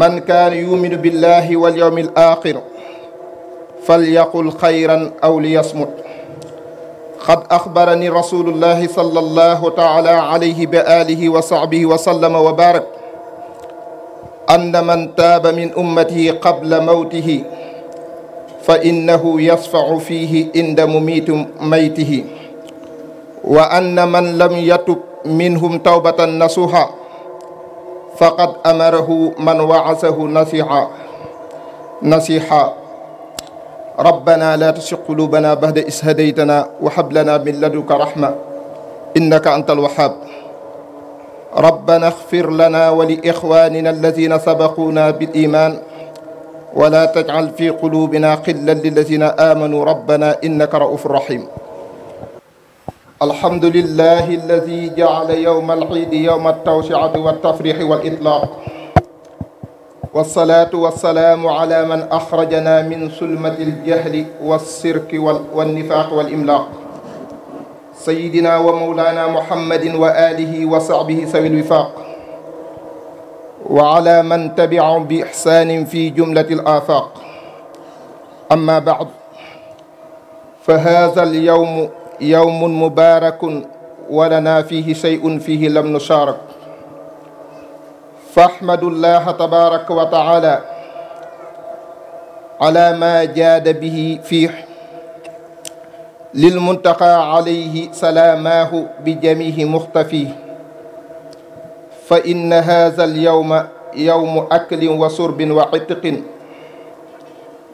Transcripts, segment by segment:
من كان يؤمن بالله واليوم الآخر فليقل خيرا أو ليصمت قد أخبرني رسول الله صلى الله تعالى عليه بآله وصحبه وسلم وبارك أن من تاب من أمته قبل موته فإنه يصفع فيه عند مميت ميته وأن من لم يتب منهم توبة نصوحا فقد أمره من وعسه نصيحة نصيحة ربنا لا تشق قلوبنا بعد إذ هديتنا وهب لنا من لدنك رحمة إنك أنت الوهاب ربنا اغفر لنا ولإخواننا الذين سبقونا بالإيمان ولا تجعل في قلوبنا قلا للذين آمنوا ربنا إنك رؤوف رحيم الحمد لله الذي جعل يوم العيد يوم التوسعة والتفريح والإطلاق والصلاة والسلام على من أخرجنا من سلمة الجهل والسرك والنفاق والإملاق سيدنا ومولانا محمد وآله وصحبه سوي الوفاق وعلى من تبعهم بإحسان في جملة الآفاق أما بعد فهذا اليوم يوم مبارك ولنا فيه شيء فيه لم نشارك فاحمد الله تبارك وتعالى على ما جاد به فيه للمنتقى عليه سلاماه بجميع مختفيه فإن هذا اليوم يوم أكل وشرب وعتق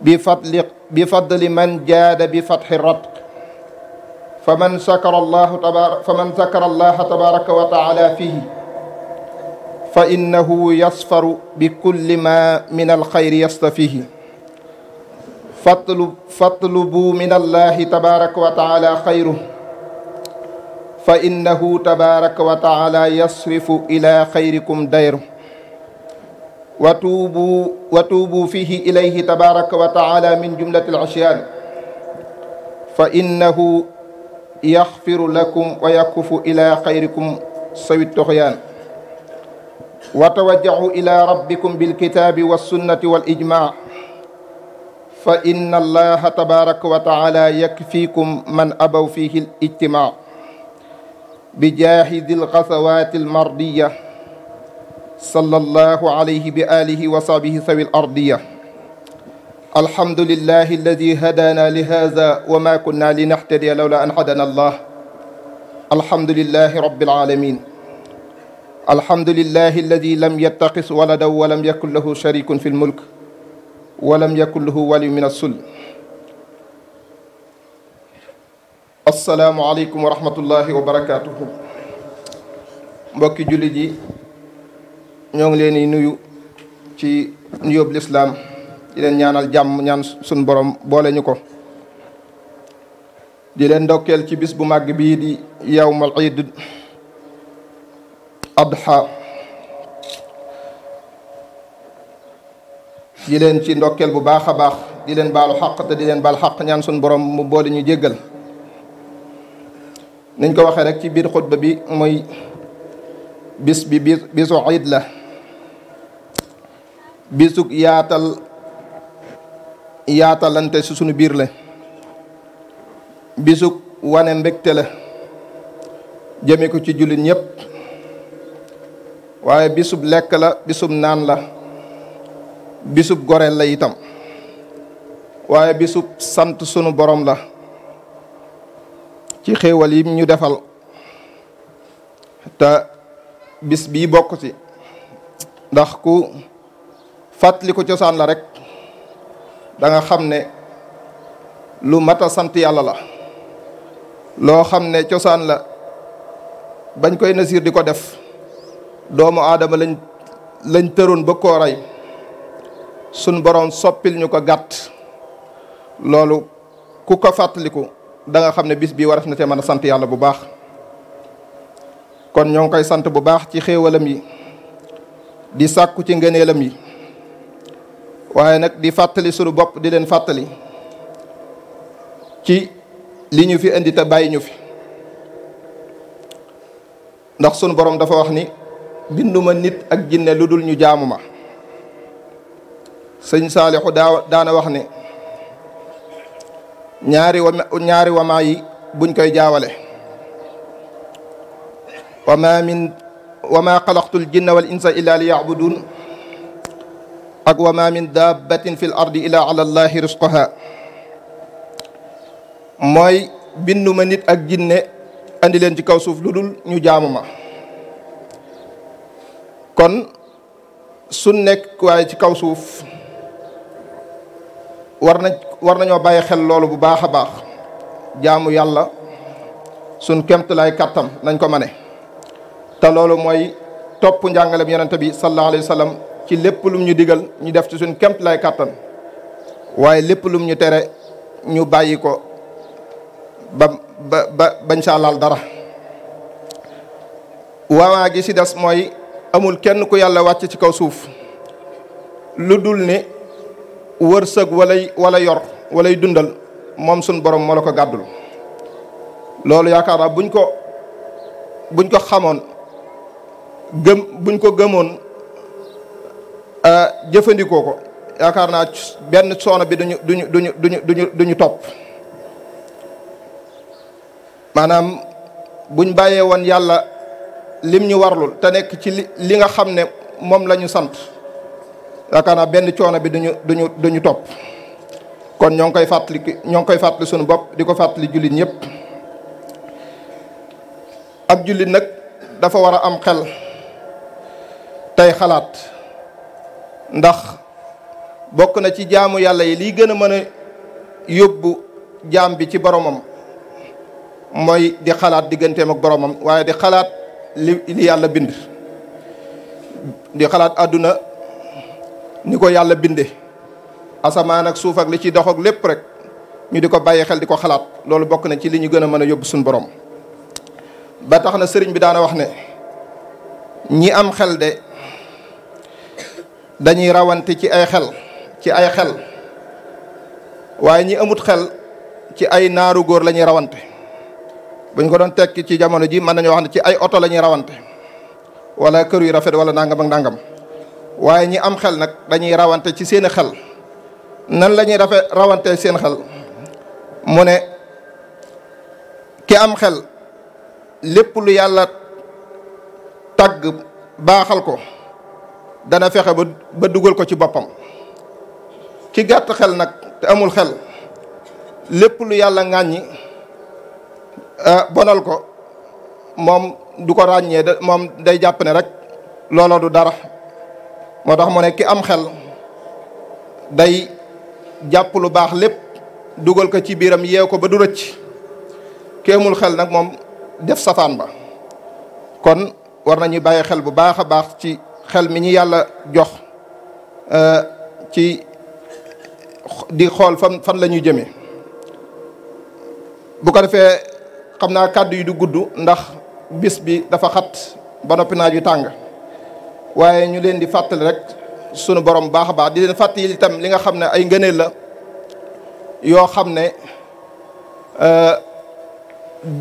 بفضل, بفضل من جاد بفتح الرتق فمن ذكر الله تبارك فمن ذكر الله تبارك وتعالى فيه فإنه يصفر بكل ما من الخير يصطفيه فاطلب فاطلبوا من الله تبارك وتعالى خيره فإنه تبارك وتعالى يصرف إلى خيركم ديره وتوبوا وتوبوا فيه إليه تبارك وتعالى من جملة العصيان فإنه يغفر لكم ويكف إلى خيركم سوي التخيان وتوجهوا إلى ربكم بالكتاب والسنة والإجماع فإن الله تبارك وتعالى يكفيكم من أبوا فيه الاجتماع بجاه ذي الغثوات المرضية صلى الله عليه بآله وصحبه سوي الأرضية الحمد لله الذي هدانا لهذا وما كنا لنهتدي لولا أن هدانا الله الحمد لله رب العالمين الحمد لله الذي لم يتقص ولدا ولم يكن له شريك في الملك ولم يكن له ولي من السلم السلام عليكم ورحمة الله وبركاته barakaatuhu جلدي jullit yi ñoo ngi leen di len ñaanal jam ñaan sun borom boole ñu ko di len ndokkeel ci bis bu mag bi di yawmal eid adha di len ci ndokkel bu baax baax di len balu haqq te di len bal haqq ñaan sun borom mu boole ñu jéggal niñ ko waxe rek ci bir khutba bi moy bis bi bisu eid la bisuk yaatal yaatalante si sunu biir la bisu wane mbégte la jëme ko ci jullit ñëpp waaye bisu lekk la bisub naan la bisub goreel la itam waaye bisub sant sunu borom la ci xewal yi ñu defal te bis bi bokk ci ndax ku fàttali ko cosaan la rek da nga xam ne lu mat a sant yàlla la loo xam ne cosaan la bañ koy nasir di ko def doomu aadama lañ lañ tëroon ba koo rey suñ boroom soppil ñu ko gàtt loolu ku ko fàttaliku danga xam ne bis bii waras na cee mën a sant yàlla bu baax kon ñoo ngi koy sant bu baax ci xéewalam yi di sàkku ci ngëneelam yi waye nak di fatali sunu bop di len fatali ci li ñu fi indi ta bàyyi ñu fi ndax sunu borom dafa wax ni binduma nit ak jinne lu ñu jaamuma sëñ Saalixu daana wax ni ñaari wa ñaari wa yi buñ koy jaawale wa ma min wa ma l jinna wal insa illa liya'budun ak wa ma min dabbatin fil ardi ilaa ala llaahi risqoha mooy binduma nit ak jinne andi leen ci kaw suuf lu dul ñu jaamu ma kon su nekk waaye ci kaw suuf war na war nañoo bàyyi xel loolu bu baax a baax jaamu yàlla sun kemt lay kàttam nañ ko mane te loolu mooy topp njàngalem yonente bi sallallahu alayhi wa sallam ci lépp lum ñu digal ñu def ci suñ kemt lay kàttan waaye lépp lum ñu tere ñu bàyyi ko ba ba ba bañ dara waawaa gi ci des mooy amul kenn ku yàlla wàcc ci kaw suuf lu dul ne wërsëg walay wala yor walay dundal moom suñ boroom moo la ko gàddul loolu yaakaar naa buñ ko buñ ko xamoon gëm buñ ko gëmoon Euh, jëfandikoo ko yaakaar naa benn soone bi duñu duñu duñu duñu duñu duñu topp maanaam buñ bàyyee woon yàlla lim ñu warlul te nekk ci li nga xam ne moom lañu sant yaakaar naa benn coono bi duñu duñu duñu topp kon ñoo ngi koy fàttali ñoo ngi koy fàttali suñu bopp di ko fàttali jullit ñëpp ak jullit nag dafa war a am xel tey xalaat ndax bokk na ci jaamu yàlla yi liy gën a mën a yóbbu jaam bi ci boromam mooy di xalaat digganteem ak boromam waaye di xalaat li li yàlla bind di xalaat àdduna ni ko yàlla binde asamaan ak suuf ak li ci dox lépp rek ñu di ko bàyyi xel di ko xalaat loolu bokk na ci li ñu gën a mën a yóbbu suñu borom ba tax na sëriñ bi daana wax ne ñi am xel de dañuy rawante ci ay xel ci ay xel waaye ñi amut xel ci ay naaru góor lañuy ñuy rawante buñ ko doon tekki ci jamono ji mën nañoo wax ne ci ay oto la ñuy rawante wala kër yu rafet wala nangam ak nangam waaye ñi am xel nag dañuy rawante ci seeni xel nan lañuy rafet rawantee seen xel mu ne ki am xel lépp lu yàlla tàgg baaxal ko dana fexe ba ba dugal ko ci boppam ki gàtt xel nag te amul xel lépp lu yàlla ŋàññi ah, bonal ko moom du ko ràññee da moom day jàpp ne rek loola du dara moo tax mu ne ki am xel day jàpp lu baax lépp dugal ko ci biiram yeew ko ba du rëcc ki amul xel nag moom def safaan ba kon war nañu bàyyi xel bu baax baax xel mi ñu yàlla jox euh, ci di xool fan fan la ñuy jëmee bu ko defee xam naa kàddu yi du gudd ndax bis bi dafa xat ba noppi naaj wi tàng waaye ñu leen di fàttali rek sunu borom baax a baax di leen fàttali itam li nga xam ne ay ngëneel la yoo xam ne euh,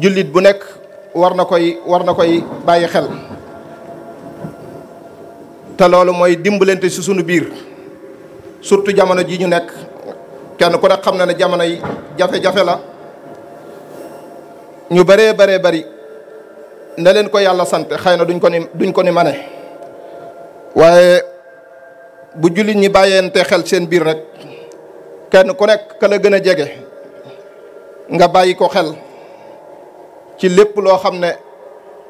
jullit bu nekk war na koy war na koy bàyyi xel te loolu mooy dimbalante si sunu biir surtout jamono ji ñu nekk kenn ku ne xam na ne jamono yi jafe-jafe la ñu bëree bëree bari na leen ko yàlla sant xëy na duñ ko ni duñ ko ni mane waaye bu jullit ñi bàyyente xel seen biir rek kenn ku nekk ka la gën a jege nga bàyyi ko xel ci lépp loo xam ne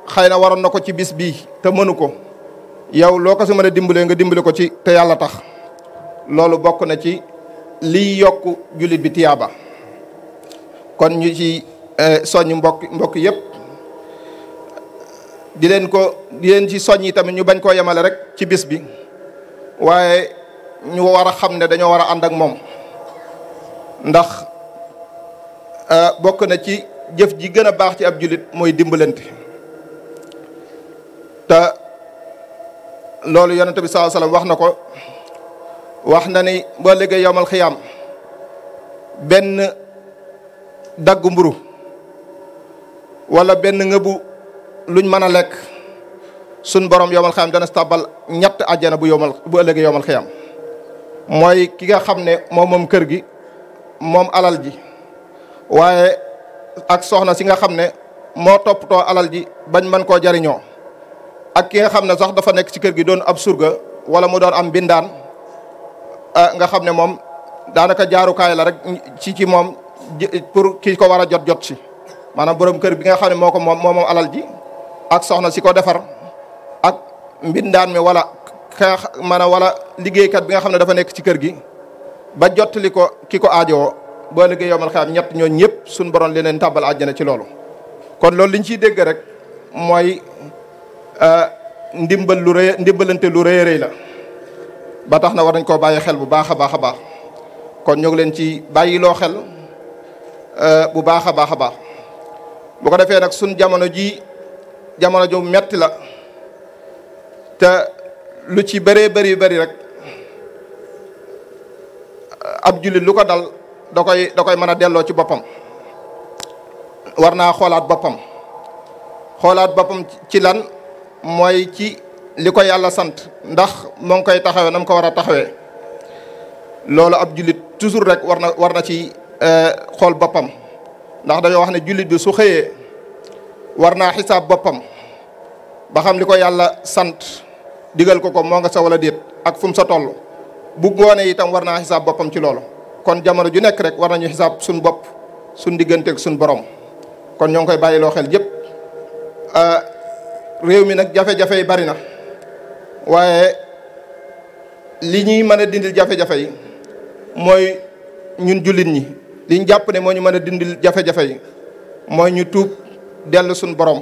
xëy na waroon na ko ci bis bii te mënu ko yow loo ko si mën a nga dimbale ko ci te yalla tax lolu bokk na ci li yok julit bi tiyaba kon ñu ci eh, soñ mbokk mbokk yépp di len ko di len ci soñi tam ta ñu bañ ko yamal rek ci bis bi waye ñu wara xam ne dañoo wara ak mom ndax eh, bokk na ci jëf ji gëna baax ci ab julit moy dimbalante ta loolu yonente bi sallallahu alayhi wax na ko wax na ni boo liggéey yowmal xiyaam benn daggu mburu wala benn ngëbu luñ mën a lekk suñ borom yowmal xiyaam dana tabal ñett àjjana bu yowmal bu ëllëgee yowmal xiyaam mooy ki nga xam ne moom moom kër gi moom alal ji waaye ak soxna si nga xam ne moo toppatoo alal ji bañ mën koo jariñoo ak ki nga xam ne sax dafa nekk ci kër gi doon ab surga wala mu doon am bindaan ah, nga xam ne moom daanaka jaarukaay la rek ci ci moom pour ki ko war a jot jot si maanaam borom kër bi nga xam ne moo ko moom moo moom alal ji ak soxna si ko defar ak mbindaan mi wala ka maanaam wala liggéeykat bi nga xam ne dafa nekk ci kër gi ba jottali ko ki ko aajowoo boo liggéey yomal xam ñett ñoo ñëpp suñu borom li leen tàbbal àjjana ci loolu kon loolu liñ ciy dégg rek mooy Euh, ndimbal lu rëy ndimbalante lu rëy rëy la ba tax na war nañ koo bàyyi xel bu baax a baax a baax kon ñu ngi ci bàyyiloo xel euh, bu baax a baax a baax bu ko defee nag suñ jamono ji jamono ju metti la te lu ci bëree bëri bari rek ab jullit lu ko dal da koy da koy mën a delloo ci boppam war naa xoolaat boppam xoolaat boppam ci lan mooy ci li ko yàlla sant ndax moo ngi koy taxawee na mu ko war a taxawee loolu ab jullit toujours rek war na war na ci euh, xool boppam ndax dañoo wax ne jullit bi su xëyee war naa xisaab boppam ba xam li ko yàlla sant digal ko ko moo nga sa wala déet ak fum sa toll bu ngoonee itam war naa xisaab boppam ci loolu kon jamono ju nekk rek war nañu xisaab suñ bopp suñ digganteek suñ boroom kon ñoo ngi koy bàyyiloo xel yëpp euh, réew mi nag jafe-jafe yi bari na waaye li ñuy mën a dindil jafe-jafe mooy ñun jullit ñi liñ jàpp ne moo ñu mën a dindil jafe-jafe mooy ñu tuub dellu suñ boroom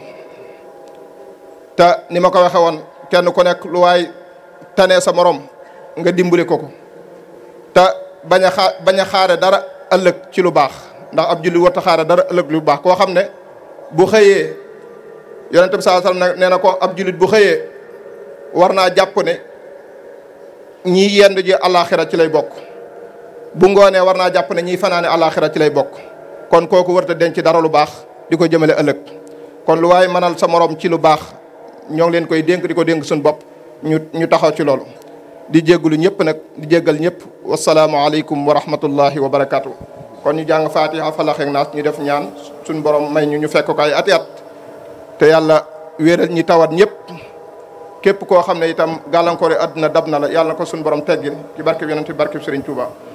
te ni ma ko waxe woon kenn ku nekk lu waay tane sa moroom nga dimbali ko ko te bañ bañ a xaare dara ëllëg ci lu baax ndax ab julli warta xaare dara ëllëg lu baax koo xam ne bu xëyee yonente bi saa sallam nee na ko ab julit bu xëyee war naa jàpp ne ñiy yend ji alaxira ci lay bokk bu ngoonee war naa jàpp ne ñiy fanaane alaxira ci lay bokk kon kooku warut a denc dara lu baax di ko jëmale ëllëg kon lu waaye mënal sa moroom ci lu baax ñoo ngi leen koy dénk di ko dénk suñu bopp ñu ñu taxaw ci loolu di lu ñëpp nag di jéggal ñëpp wasalaamu aleykum wa rahmatullahi wa barakaatu. kon ñu jàng fatiha falaxeeg naas ñu def ñaan suñu borom may ñu ñu fekk ko te yàlla wéeral ñi tawat ñëpp képp koo xam ne itam gàllankoor yi àdduna dab na la yàlla na ko suñu borom teggil ci barkeb yonent bi barkeb Sëriñ Tuuba